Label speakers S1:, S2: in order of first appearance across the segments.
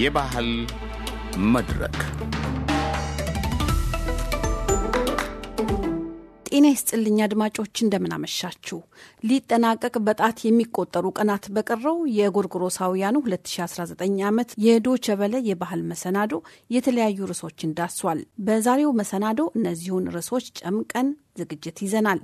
S1: የባህል መድረክ
S2: ጤና ይስጥልኝ አድማጮች፣ እንደምናመሻችሁ። ሊጠናቀቅ በጣት የሚቆጠሩ ቀናት በቀረው የጎርጎሮሳውያኑ 2019 ዓመት የዶቸበለ የባህል መሰናዶ የተለያዩ ርዕሶችን ዳሷል። በዛሬው መሰናዶ እነዚሁን ርዕሶች ጨምቀን ዝግጅት ይዘናል።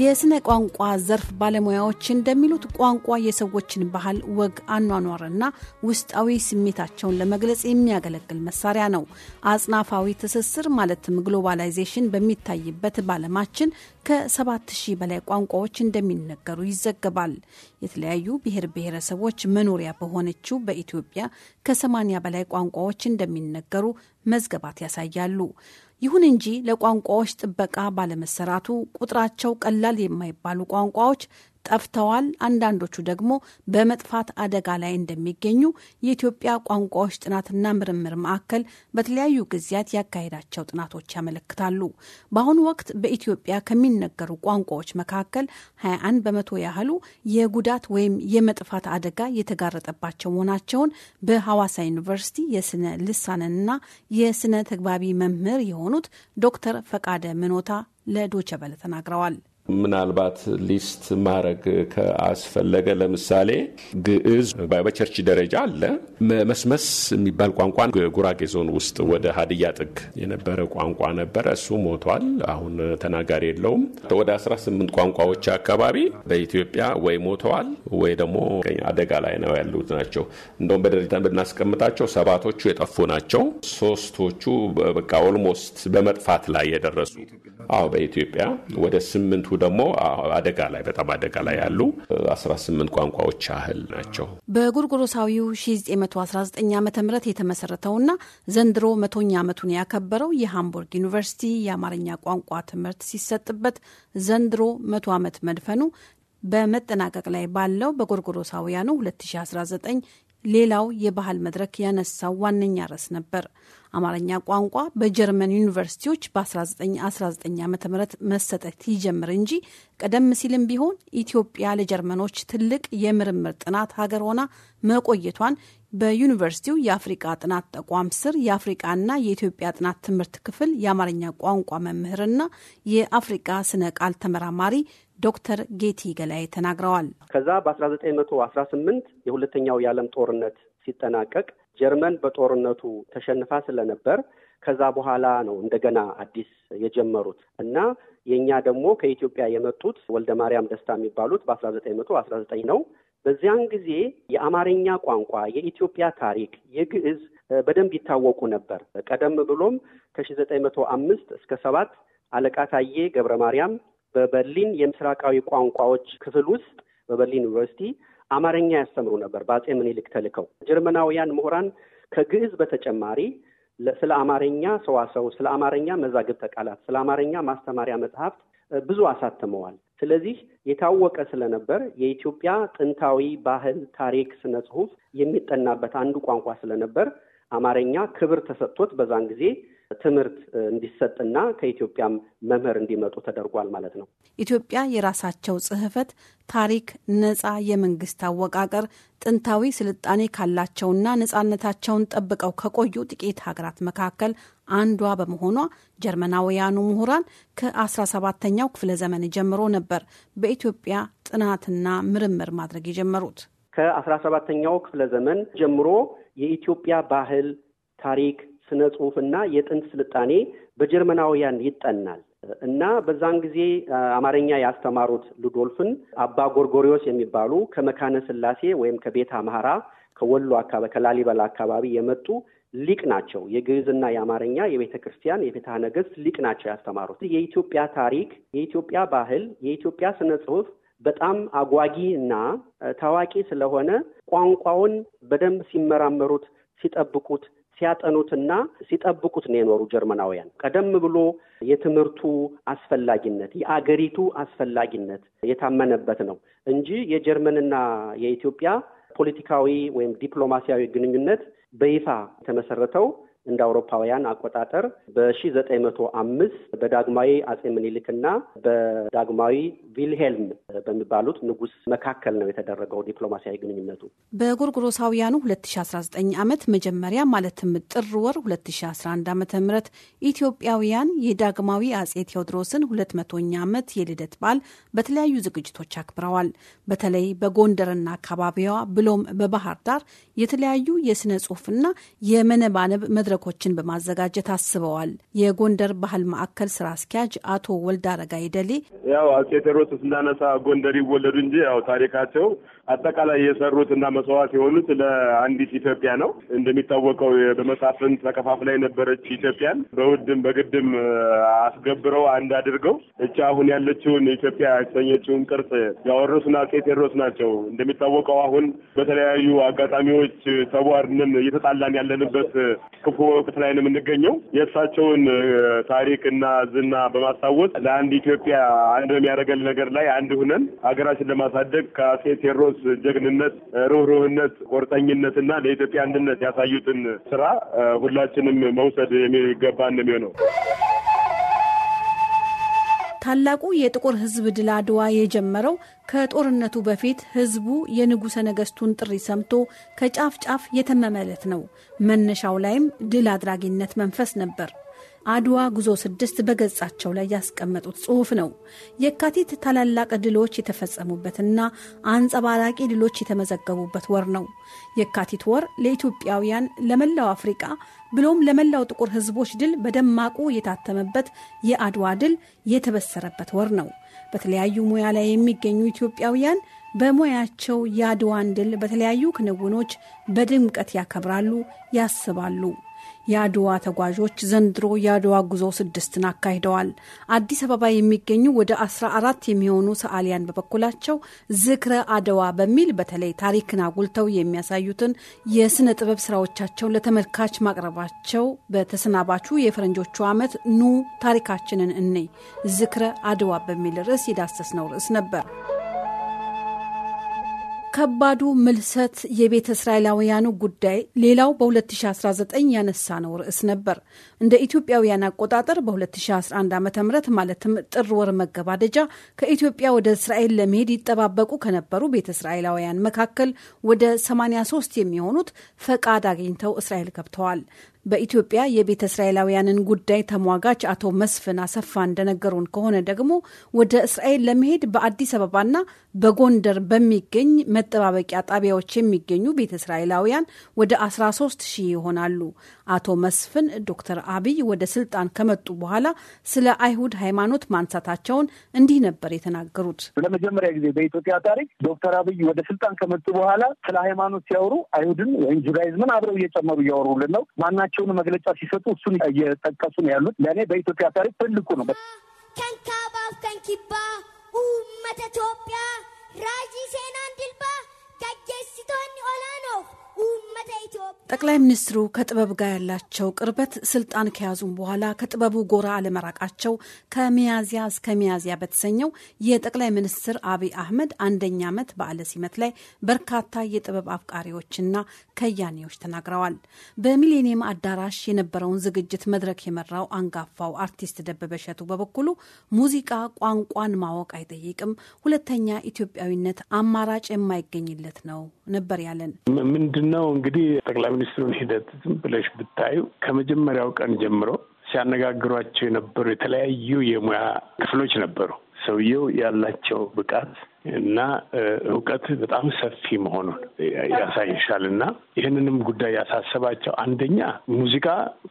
S2: የስነ ቋንቋ ዘርፍ ባለሙያዎች እንደሚሉት ቋንቋ የሰዎችን ባህል፣ ወግ፣ አኗኗርና ውስጣዊ ስሜታቸውን ለመግለጽ የሚያገለግል መሳሪያ ነው። አጽናፋዊ ትስስር ማለትም ግሎባላይዜሽን በሚታይበት ባለማችን ከ7000 በላይ ቋንቋዎች እንደሚነገሩ ይዘገባል። የተለያዩ ብሔር ብሔረሰቦች መኖሪያ በሆነችው በኢትዮጵያ ከ ከሰማንያ በላይ ቋንቋዎች እንደሚነገሩ መዝገባት ያሳያሉ። ይሁን እንጂ ለቋንቋዎች ጥበቃ ባለመሰራቱ ቁጥራቸው ቀላል የማይባሉ ቋንቋዎች ጠፍተዋል፣ አንዳንዶቹ ደግሞ በመጥፋት አደጋ ላይ እንደሚገኙ የኢትዮጵያ ቋንቋዎች ጥናትና ምርምር ማዕከል በተለያዩ ጊዜያት ያካሄዳቸው ጥናቶች ያመለክታሉ። በአሁኑ ወቅት በኢትዮጵያ ከሚነገሩ ቋንቋዎች መካከል 21 በመቶ ያህሉ የጉዳት ወይም የመጥፋት አደጋ የተጋረጠባቸው መሆናቸውን በሐዋሳ ዩኒቨርሲቲ የስነ ልሳንንና የስነ ተግባቢ መምህር የሆኑት ዶክተር ፈቃደ ምኖታ ለዶቸበለ ተናግረዋል።
S3: ምናልባት ሊስት ማድረግ ከአስፈለገ ለምሳሌ ግዕዝ በቸርች ደረጃ አለ። መስመስ የሚባል ቋንቋ ጉራጌ ዞን ውስጥ ወደ ሀዲያ ጥግ የነበረ ቋንቋ ነበረ። እሱ ሞቷል። አሁን ተናጋሪ የለውም። ወደ 18 ቋንቋዎች አካባቢ በኢትዮጵያ ወይ ሞተዋል ወይ ደግሞ አደጋ ላይ ነው ያሉት ናቸው። እንደውም በደረጃ ብናስቀምጣቸው ሰባቶቹ የጠፉ ናቸው። ሶስቶቹ በቃ ኦልሞስት በመጥፋት ላይ የደረሱ አዎ፣ በኢትዮጵያ ወደ ስምንቱ ደግሞ አደጋ ላይ በጣም አደጋ ላይ ያሉ 18 ቋንቋዎች ያህል ናቸው።
S2: በጉርጉሮሳዊው 1919 ዓ ም የተመሰረተውና ዘንድሮ መቶኛ ዓመቱን ያከበረው የሃምቡርግ ዩኒቨርሲቲ የአማርኛ ቋንቋ ትምህርት ሲሰጥበት ዘንድሮ መቶ ዓመት መድፈኑ በመጠናቀቅ ላይ ባለው በጎርጎሮሳውያኑ 2019 ሌላው የባህል መድረክ ያነሳው ዋነኛ ርዕስ ነበር። አማርኛ ቋንቋ በጀርመን ዩኒቨርሲቲዎች በ1919 ዓ ም መሰጠት ይጀምር እንጂ ቀደም ሲልም ቢሆን ኢትዮጵያ ለጀርመኖች ትልቅ የምርምር ጥናት ሀገር ሆና መቆየቷን በዩኒቨርሲቲው የአፍሪቃ ጥናት ተቋም ስር የአፍሪቃና የኢትዮጵያ ጥናት ትምህርት ክፍል የአማርኛ ቋንቋ መምህርና የአፍሪቃ ስነ ቃል ተመራማሪ ዶክተር ጌቲ ገላይ ተናግረዋል።
S4: ከዛ በ1918 የሁለተኛው የዓለም ጦርነት ሲጠናቀቅ ጀርመን በጦርነቱ ተሸንፋ ስለነበር ከዛ በኋላ ነው እንደገና አዲስ የጀመሩት እና የእኛ ደግሞ ከኢትዮጵያ የመጡት ወልደ ማርያም ደስታ የሚባሉት በአስራ ዘጠኝ መቶ አስራ ዘጠኝ ነው። በዚያን ጊዜ የአማርኛ ቋንቋ፣ የኢትዮጵያ ታሪክ፣ የግዕዝ በደንብ ይታወቁ ነበር። ቀደም ብሎም ከሺ ዘጠኝ መቶ አምስት እስከ ሰባት አለቃ ታዬ ገብረ ማርያም በበርሊን የምስራቃዊ ቋንቋዎች ክፍል ውስጥ በበርሊን ዩኒቨርሲቲ አማርኛ ያስተምሩ ነበር። በአጼ ምኒልክ ተልከው ጀርመናውያን ምሁራን ከግዕዝ በተጨማሪ ስለ አማርኛ ሰዋሰው፣ ስለ አማርኛ መዛግብተ ቃላት፣ ስለ አማርኛ ማስተማሪያ መጽሐፍት ብዙ አሳትመዋል። ስለዚህ የታወቀ ስለነበር የኢትዮጵያ ጥንታዊ ባህል፣ ታሪክ፣ ስነ ጽሁፍ የሚጠናበት አንዱ ቋንቋ ስለነበር አማርኛ ክብር ተሰጥቶት በዛን ጊዜ ትምህርት እንዲሰጥና ከኢትዮጵያም መምህር እንዲመጡ ተደርጓል ማለት ነው።
S2: ኢትዮጵያ የራሳቸው ጽህፈት ታሪክ፣ ነጻ የመንግስት አወቃቀር፣ ጥንታዊ ስልጣኔ ካላቸውና ነጻነታቸውን ጠብቀው ከቆዩ ጥቂት ሀገራት መካከል አንዷ በመሆኗ ጀርመናውያኑ ምሁራን ከ17ኛው ክፍለ ዘመን ጀምሮ ነበር በኢትዮጵያ ጥናትና ምርምር ማድረግ የጀመሩት።
S4: ከ17ኛው ክፍለ ዘመን ጀምሮ የኢትዮጵያ ባህል፣ ታሪክ ስነ ጽሁፍና የጥንት ስልጣኔ በጀርመናውያን ይጠናል እና በዛን ጊዜ አማርኛ ያስተማሩት ሉዶልፍን አባ ጎርጎሪዎስ የሚባሉ ከመካነ ስላሴ ወይም ከቤት አምሃራ ከወሎ አካባቢ ከላሊበላ አካባቢ የመጡ ሊቅ ናቸው። የግዕዝና የአማርኛ የቤተ ክርስቲያን የፍትሐ ነገሥት ሊቅ ናቸው ያስተማሩት። የኢትዮጵያ ታሪክ፣ የኢትዮጵያ ባህል፣ የኢትዮጵያ ስነ ጽሁፍ በጣም አጓጊ እና ታዋቂ ስለሆነ ቋንቋውን በደንብ ሲመራመሩት ሲጠብቁት ሲያጠኑትና ሲጠብቁት ነው የኖሩ ጀርመናውያን። ቀደም ብሎ የትምህርቱ አስፈላጊነት የአገሪቱ አስፈላጊነት የታመነበት ነው እንጂ የጀርመንና የኢትዮጵያ ፖለቲካዊ ወይም ዲፕሎማሲያዊ ግንኙነት በይፋ የተመሰረተው እንደ አውሮፓውያን አቆጣጠር በ1905 በዳግማዊ አጼ ምኒልክና በዳግማዊ ቪልሄልም በሚባሉት ንጉስ መካከል ነው የተደረገው ዲፕሎማሲያዊ ግንኙነቱ።
S2: በጎርጎሮሳውያኑ 2019 ዓመት መጀመሪያ ማለትም ጥር ወር 2011 ዓ.ም ኢትዮጵያውያን የዳግማዊ አጼ ቴዎድሮስን 200ኛ ዓመት የልደት በዓል በተለያዩ ዝግጅቶች አክብረዋል። በተለይ በጎንደርና አካባቢዋ ብሎም በባህር ዳር የተለያዩ የስነ ጽሁፍና የመነባነብ መድረ መድረኮችን በማዘጋጀት አስበዋል። የጎንደር ባህል ማዕከል ስራ አስኪያጅ አቶ ወልድ
S5: አረጋ ይደሌ ያው አጼ ቴዎድሮስ እንዳነሳ ጎንደር ይወለዱ እንጂ ያው ታሪካቸው አጠቃላይ የሰሩት እና መስዋዕት የሆኑት ለአንዲት ኢትዮጵያ ነው። እንደሚታወቀው በመሳፍንት ተከፋፍላ የነበረች ኢትዮጵያን በውድም በግድም አስገብረው አንድ አድርገው እቻ አሁን ያለችውን ኢትዮጵያ ያሰኘችውን ቅርጽ ያወረሱን አጼ ቴዎድሮስ ናቸው። እንደሚታወቀው አሁን በተለያዩ አጋጣሚዎች ተቧርንን እየተጣላን ያለንበት በወቅት ላይ ነው የምንገኘው። የእሳቸውን ታሪክ እና ዝና በማስታወስ ለአንድ ኢትዮጵያ አንድ የሚያደርገን ነገር ላይ አንድ ሁነን ሀገራችን ለማሳደግ ከአጼ ቴዎድሮስ ጀግንነት፣ ሩህሩህነት፣ ቆርጠኝነት እና ለኢትዮጵያ አንድነት ያሳዩትን ስራ ሁላችንም መውሰድ የሚገባን የሚሆነው
S2: ታላቁ የጥቁር ሕዝብ ድል አድዋ የጀመረው ከጦርነቱ በፊት ሕዝቡ የንጉሠ ነገሥቱን ጥሪ ሰምቶ ከጫፍ ጫፍ የተመመለት ነው። መነሻው ላይም ድል አድራጊነት መንፈስ ነበር። አድዋ ጉዞ ስድስት በገጻቸው ላይ ያስቀመጡት ጽሑፍ ነው። የካቲት ታላላቅ ድሎች የተፈጸሙበትና አንጸባራቂ ድሎች የተመዘገቡበት ወር ነው። የካቲት ወር ለኢትዮጵያውያን፣ ለመላው አፍሪቃ ብሎም ለመላው ጥቁር ሕዝቦች ድል በደማቁ የታተመበት የአድዋ ድል የተበሰረበት ወር ነው። በተለያዩ ሙያ ላይ የሚገኙ ኢትዮጵያውያን በሙያቸው የአድዋን ድል በተለያዩ ክንውኖች በድምቀት ያከብራሉ፣ ያስባሉ። የአድዋ ተጓዦች ዘንድሮ የአድዋ ጉዞ ስድስትን አካሂደዋል። አዲስ አበባ የሚገኙ ወደ 14 የሚሆኑ ሰዓሊያን በበኩላቸው ዝክረ አድዋ በሚል በተለይ ታሪክን አጉልተው የሚያሳዩትን የስነ ጥበብ ስራዎቻቸውን ለተመልካች ማቅረባቸው በተሰናባቹ የፈረንጆቹ ዓመት ኑ ታሪካችንን እኔ ዝክረ አድዋ በሚል ርዕስ የዳሰስነው ርዕስ ነበር። ከባዱ ምልሰት የቤተ እስራኤላውያኑ ጉዳይ ሌላው በ2019 ያነሳ ነው ርዕስ ነበር። እንደ ኢትዮጵያውያን አቆጣጠር በ2011 ዓ ም ማለትም ጥር ወር መገባደጃ ከኢትዮጵያ ወደ እስራኤል ለመሄድ ይጠባበቁ ከነበሩ ቤተ እስራኤላውያን መካከል ወደ 83 የሚሆኑት ፈቃድ አግኝተው እስራኤል ገብተዋል። በኢትዮጵያ የቤተ እስራኤላውያንን ጉዳይ ተሟጋች አቶ መስፍን አሰፋ እንደነገሩን ከሆነ ደግሞ ወደ እስራኤል ለመሄድ በአዲስ አበባና በጎንደር በሚገኝ መጠባበቂያ ጣቢያዎች የሚገኙ ቤተ እስራኤላውያን ወደ 13 ሺህ ይሆናሉ። አቶ መስፍን ዶክተር አብይ ወደ ስልጣን ከመጡ በኋላ ስለ አይሁድ ሃይማኖት ማንሳታቸውን
S3: እንዲህ ነበር የተናገሩት። ለመጀመሪያ ጊዜ በኢትዮጵያ ታሪክ ዶክተር አብይ ወደ ስልጣን ከመጡ በኋላ ስለ ሃይማኖት ሲያወሩ አይሁድን ወይም ጁዳይዝምን አብረው እየጨመሩ እያወሩልን ነው ማናቸው የራሳቸውን መግለጫ ሲሰጡ እሱን እየጠቀሱ ነው ያሉት። ለእኔ በኢትዮጵያ ታሪክ ትልቁ ነው።
S4: ከንካባፍ ከንኪባ ኡመተ ኢትዮጵያ ራጂ ሴናን ድልባ ገጌስቶን
S2: ጠቅላይ ሚኒስትሩ ከጥበብ ጋር ያላቸው ቅርበት ስልጣን ከያዙም በኋላ ከጥበቡ ጎራ አለመራቃቸው ከሚያዝያ እስከ ሚያዝያ በተሰኘው የጠቅላይ ሚኒስትር አብይ አህመድ አንደኛ ዓመት በዓለ ሲመት ላይ በርካታ የጥበብ አፍቃሪዎችና ከያኔዎች ተናግረዋል። በሚሌኒየም አዳራሽ የነበረውን ዝግጅት መድረክ የመራው አንጋፋው አርቲስት ደበበ እሸቱ በበኩሉ ሙዚቃ ቋንቋን ማወቅ አይጠይቅም፣ ሁለተኛ ኢትዮጵያዊነት አማራጭ የማይገኝለት ነው ነበር ያለን
S5: እንግዲህ ጠቅላይ ሚኒስትሩን ሂደት ዝም ብለሽ ብታዩ ከመጀመሪያው ቀን ጀምሮ ሲያነጋግሯቸው የነበሩ የተለያዩ የሙያ ክፍሎች ነበሩ። ሰውየው ያላቸው ብቃት እና እውቀት በጣም ሰፊ መሆኑን ያሳይሻል። እና ይህንንም ጉዳይ ያሳሰባቸው አንደኛ ሙዚቃ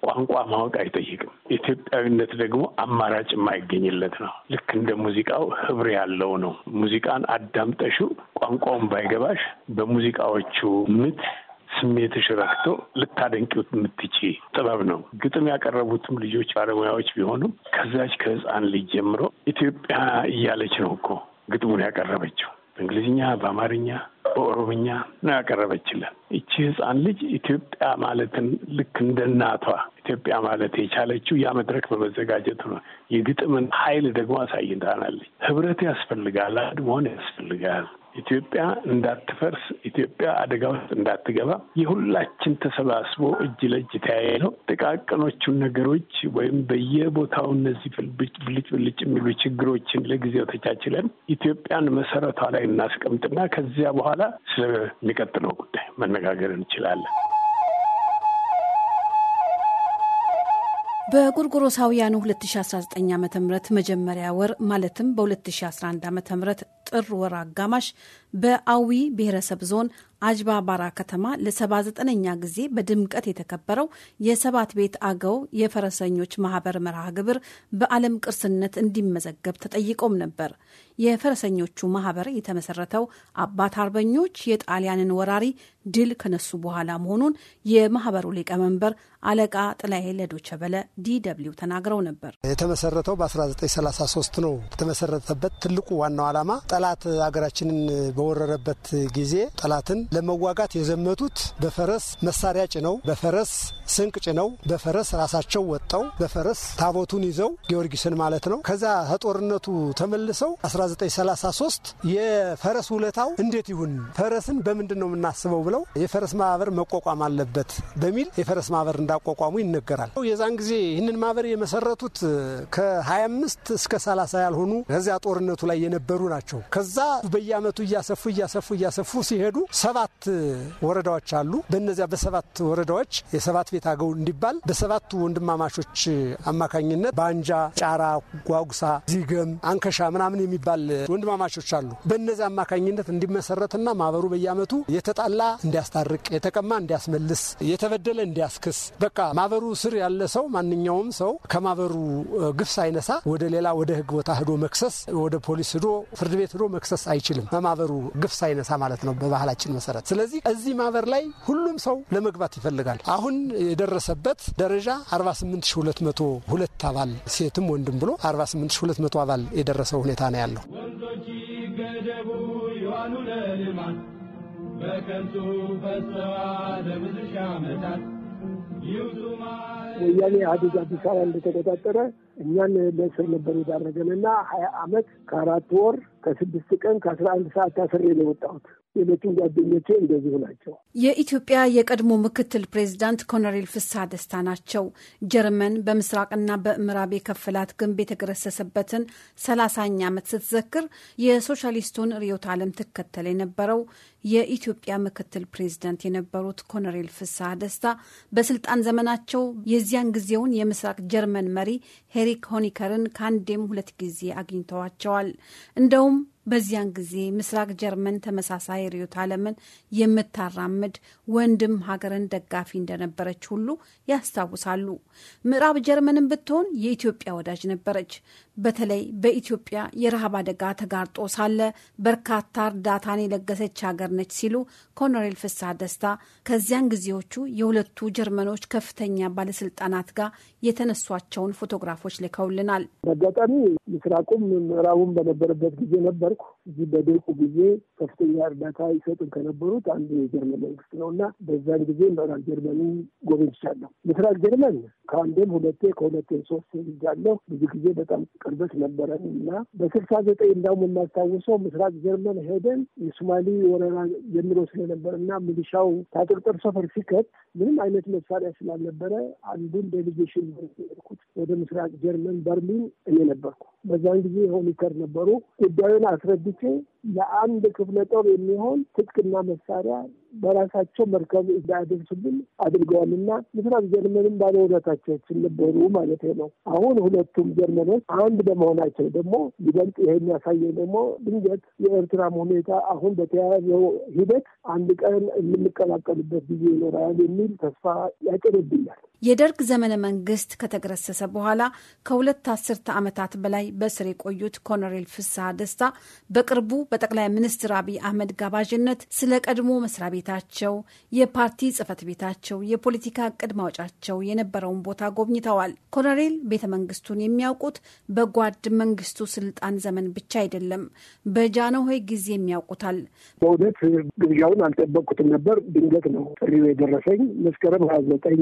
S5: ቋንቋ ማወቅ አይጠይቅም። ኢትዮጵያዊነት ደግሞ አማራጭ የማይገኝለት ነው። ልክ እንደ ሙዚቃው ህብር ያለው ነው። ሙዚቃን አዳምጠሹ ቋንቋውን ባይገባሽ በሙዚቃዎቹ ምት ስሜትሽ ረክቶ ልታደንቅ የምትች ጥበብ ነው። ግጥም ያቀረቡትም ልጆች ባለሙያዎች ቢሆኑም ከዛች ከህፃን ልጅ ጀምሮ ኢትዮጵያ እያለች ነው እኮ ግጥሙን ያቀረበችው። በእንግሊዝኛ፣ በአማርኛ፣ በኦሮምኛ ነው ያቀረበችልን። እቺ ህፃን ልጅ ኢትዮጵያ ማለትን ልክ እንደ እናቷ ኢትዮጵያ ማለት የቻለችው ያ መድረክ በመዘጋጀቱ ነው። የግጥምን ኃይል ደግሞ አሳይታናለች። ህብረት ያስፈልጋል፣ አንድ መሆን ያስፈልጋል። ኢትዮጵያ እንዳትፈርስ፣ ኢትዮጵያ አደጋ ውስጥ እንዳትገባ የሁላችን ተሰባስቦ እጅ ለእጅ ተያየ ነው። ጥቃቅኖቹን ነገሮች ወይም በየቦታው እነዚህ ብልጭ ብልጭ የሚሉ ችግሮችን ለጊዜው ተቻችለን ኢትዮጵያን መሰረቷ ላይ እናስቀምጥና ከዚያ በኋላ ስለሚቀጥለው ጉዳይ መነጋገር እንችላለን።
S2: በጉርጉሮሳውያኑ 2019 ዓ ም መጀመሪያ ወር ማለትም በ2011 ዓ ም ጥር ወር አጋማሽ በአዊ ብሔረሰብ ዞን አጅባ ከተማ ለ79ኛ ጊዜ በድምቀት የተከበረው የሰባት ቤት አገው የፈረሰኞች ማህበር መርሃ ግብር በዓለም ቅርስነት እንዲመዘገብ ተጠይቆም ነበር። የፈረሰኞቹ ማህበር የተመሰረተው አባት አርበኞች የጣሊያንን ወራሪ ድል ከነሱ በኋላ መሆኑን የማህበሩ ሊቀመንበር አለቃ ጥላዬ ለዶቸበለ ዲደብሊው ተናግረው ነበር።
S1: የተመሰረተው በ1933 ነው። የተመሰረተበት ትልቁ ዋናው ዓላማ ጠላት ሀገራችንን በወረረበት ጊዜ ጠላትን ለመዋጋት የዘመቱት በፈረስ መሳሪያ ጭነው፣ በፈረስ ስንቅ ጭነው፣ በፈረስ ራሳቸው ወጠው፣ በፈረስ ታቦቱን ይዘው ጊዮርጊስን ማለት ነው። ከዛ ከጦርነቱ ተመልሰው 1933 የፈረስ ውለታው እንዴት ይሁን ፈረስን በምንድን ነው የምናስበው ብለው የፈረስ ማህበር መቋቋም አለበት በሚል የፈረስ ማህበር እንዳቋቋሙ ይነገራል። የዛን ጊዜ ይህንን ማህበር የመሰረቱት ከ25 እስከ 30 ያልሆኑ ከዚያ ጦርነቱ ላይ የነበሩ ናቸው። ከዛ በየአመቱ እያ እያሰፉ እያሰፉ እያሰፉ ሲሄዱ ሰባት ወረዳዎች አሉ። በነዚያ በሰባት ወረዳዎች የሰባት ቤት አገው እንዲባል በሰባቱ ወንድማማቾች አማካኝነት ባንጃ፣ ጫራ፣ ጓጉሳ፣ ዚገም፣ አንከሻ ምናምን የሚባል ወንድማማቾች አሉ። በነዚያ አማካኝነት እንዲመሰረትና ማህበሩ በየአመቱ የተጣላ እንዲያስታርቅ፣ የተቀማ እንዲያስመልስ፣ የተበደለ እንዲያስክስ በቃ ማህበሩ ስር ያለ ሰው ማንኛውም ሰው ከማህበሩ ግፍ ሳይነሳ ወደ ሌላ ወደ ህግ ቦታ ህዶ መክሰስ ወደ ፖሊስ ህዶ ፍርድ ቤት ሂዶ መክሰስ አይችልም በማህበሩ ግፍ ሳይነሳ ማለት ነው በባህላችን መሰረት። ስለዚህ እዚህ ማህበር ላይ ሁሉም ሰው ለመግባት ይፈልጋል። አሁን የደረሰበት ደረጃ 48202 አባል ሴትም ወንድም ብሎ 48200 አባል የደረሰው ሁኔታ ነው ያለው። ወንዞች
S3: ይገደቡ ይዋኑ ለልማት
S4: በከንቱ ፈሰዋ ለብዙ ሺህ ዓመታት ወያኔ
S3: ኢህአዴግ አዲስ አበባ እንደተቆጣጠረ እኛን ለእስር ነበር የዳረገን እና ሀያ አመት ከአራት ወር ከስድስት ቀን ከአስራ አንድ ሰዓት ታስሬ ነው የወጣሁት። ሌሎቹም ጓደኞቼ እንደዚሁ ናቸው።
S2: የኢትዮጵያ የቀድሞ ምክትል ፕሬዚዳንት ኮሎኔል ፍስሐ ደስታ ናቸው። ጀርመን በምስራቅና በምዕራብ የከፈላት ግንብ የተገረሰሰበትን ሰላሳኛ ዓመት ስትዘክር የሶሻሊስቱን ርዕዮተ ዓለም ትከተል የነበረው የኢትዮጵያ ምክትል ፕሬዝደንት የነበሩት ኮሎኔል ፍስሐ ደስታ በስልጣን ዘመናቸው የዚያን ጊዜውን የምስራቅ ጀርመን መሪ ሄሪክ ሆኒከርን ከአንዴም ሁለት ጊዜ አግኝተዋቸዋል። እንደውም በዚያን ጊዜ ምስራቅ ጀርመን ተመሳሳይ ርዕዮተ ዓለምን የምታራምድ ወንድም ሀገርን ደጋፊ እንደነበረች ሁሉ ያስታውሳሉ። ምዕራብ ጀርመንን ብትሆን የኢትዮጵያ ወዳጅ ነበረች። በተለይ በኢትዮጵያ የረሃብ አደጋ ተጋርጦ ሳለ በርካታ እርዳታን የለገሰች ሀገር ነች ሲሉ ኮሎኔል ፍስሐ ደስታ ከዚያን ጊዜዎቹ የሁለቱ ጀርመኖች ከፍተኛ ባለስልጣናት ጋር የተነሷቸውን ፎቶግራፎች ልከውልናል።
S3: በአጋጣሚ ምስራቁም ምዕራቡም በነበረበት ጊዜ ነበርኩ። እዚህ በድርቁ ጊዜ ከፍተኛ እርዳታ ይሰጡን ከነበሩት አንዱ የጀርመን መንግስት ነው እና በዛን ጊዜ ምዕራብ ጀርመኒ ጎብኝቻለሁ። ምስራቅ ጀርመን ከአንዴም ሁለቴ ከሁለቴ ሶስት ሄጃለሁ። ብዙ ጊዜ በጣም ቅርበት ነበረን እና በስልሳ ዘጠኝ እንዳውም የማስታውሰው ምስራቅ ጀርመን ሄደን የሶማሌ ወረራ ጀምሮ ስለነበር እና ሚሊሻው ታጥቅ ሰፈር ሲከት ምንም አይነት መሳሪያ ስላልነበረ አንዱን ዴሊጌሽን ሄድኩት ወደ ምስራቅ ጀርመን በርሊን እኔ ነበርኩ። በዛን ጊዜ ሆኒከር ነበሩ ጉዳዩን አስረድቼ country ለአንድ ክፍለ ጦር የሚሆን ትጥቅና መሳሪያ በራሳቸው መርከብ እንዳያደርሱብን አድርገዋልና ምስራቅ ጀርመንም ባለ ስንበሩ ማለት ነው። አሁን ሁለቱም ጀርመኖች አንድ በመሆናቸው ደግሞ ይበልጥ ይሄ የሚያሳየው ደግሞ ድንገት የኤርትራም ሁኔታ አሁን በተያያዘው ሂደት አንድ ቀን የምንቀላቀልበት ጊዜ ይኖራል የሚል ተስፋ ያጭርብኛል።
S2: የደርግ ዘመነ መንግስት ከተገረሰሰ በኋላ ከሁለት አስርተ ዓመታት በላይ በስር የቆዩት ኮሎኔል ፍስሐ ደስታ በቅርቡ በጠቅላይ ሚኒስትር አብይ አህመድ ጋባዥነት ስለ ቀድሞ መስሪያ ቤታቸው፣ የፓርቲ ጽህፈት ቤታቸው፣ የፖለቲካ እቅድ ማውጫቸው የነበረውን ቦታ ጎብኝተዋል። ኮሎኔል ቤተ መንግስቱን የሚያውቁት በጓድ መንግስቱ ስልጣን ዘመን ብቻ አይደለም፣ በጃንሆይ ጊዜም ያውቁታል።
S3: በእውነት ግብዣውን አልጠበቅኩትም ነበር። ድንገት ነው ጥሪው የደረሰኝ። መስከረም ሀያ ዘጠኝ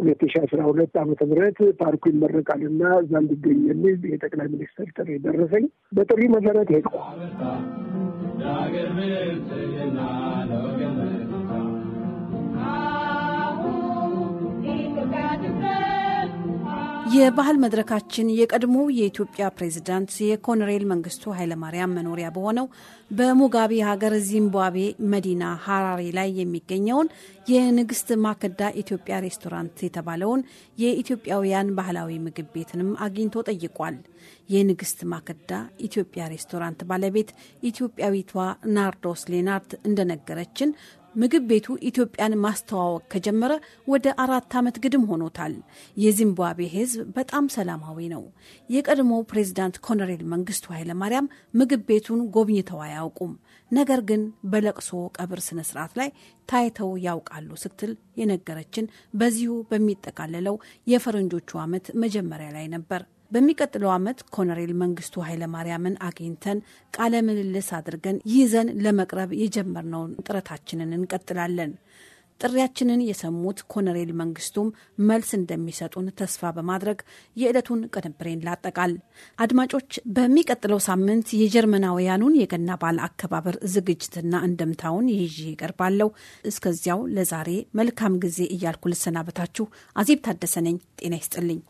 S3: ሁለት ሺ አስራ ሁለት ዓመተ ምህረት ፓርኩ ይመረቃል እና እዛ እንድገኝ የሚል የጠቅላይ ሚኒስትር ጥሪ ደረሰኝ። በጥሪ መሰረት ሄድኩ። ዳግም ብልጽግና ለወገን
S4: ብልጽግና
S2: አሁን ኢትዮጵያ ትፍረስ የባህል መድረካችን የቀድሞ የኢትዮጵያ ፕሬዝዳንት የኮሎኔል መንግስቱ ኃይለማርያም መኖሪያ በሆነው በሙጋቤ ሀገር ዚምባብዌ መዲና ሀራሬ ላይ የሚገኘውን የንግስት ማክዳ ኢትዮጵያ ሬስቶራንት የተባለውን የኢትዮጵያውያን ባህላዊ ምግብ ቤትንም አግኝቶ ጠይቋል። የንግስት ማክዳ ኢትዮጵያ ሬስቶራንት ባለቤት ኢትዮጵያዊቷ ናርዶስ ሌናርት እንደነገረችን ምግብ ቤቱ ኢትዮጵያን ማስተዋወቅ ከጀመረ ወደ አራት ዓመት ግድም ሆኖታል። የዚምባብዌ ሕዝብ በጣም ሰላማዊ ነው። የቀድሞ ፕሬዚዳንት ኮሎኔል መንግስቱ ኃይለማርያም ምግብ ቤቱን ጎብኝተው አያውቁም። ነገር ግን በለቅሶ ቀብር ስነ ስርዓት ላይ ታይተው ያውቃሉ ስትል የነገረችን በዚሁ በሚጠቃለለው የፈረንጆቹ ዓመት መጀመሪያ ላይ ነበር። በሚቀጥለው ዓመት ኮሎኔል መንግስቱ ኃይለማርያምን አግኝተን ቃለ ምልልስ አድርገን ይዘን ለመቅረብ የጀመርነውን ጥረታችንን እንቀጥላለን። ጥሪያችንን የሰሙት ኮሎኔል መንግስቱም መልስ እንደሚሰጡን ተስፋ በማድረግ የዕለቱን ቅንብሬን ላጠቃል። አድማጮች፣ በሚቀጥለው ሳምንት የጀርመናውያኑን የገና በዓል አከባበር ዝግጅትና እንደምታውን ይዤ ይቀርባለሁ። እስከዚያው ለዛሬ መልካም ጊዜ እያልኩ ልሰናበታችሁ። አዜብ ታደሰ ነኝ። ጤና ይስጥልኝ።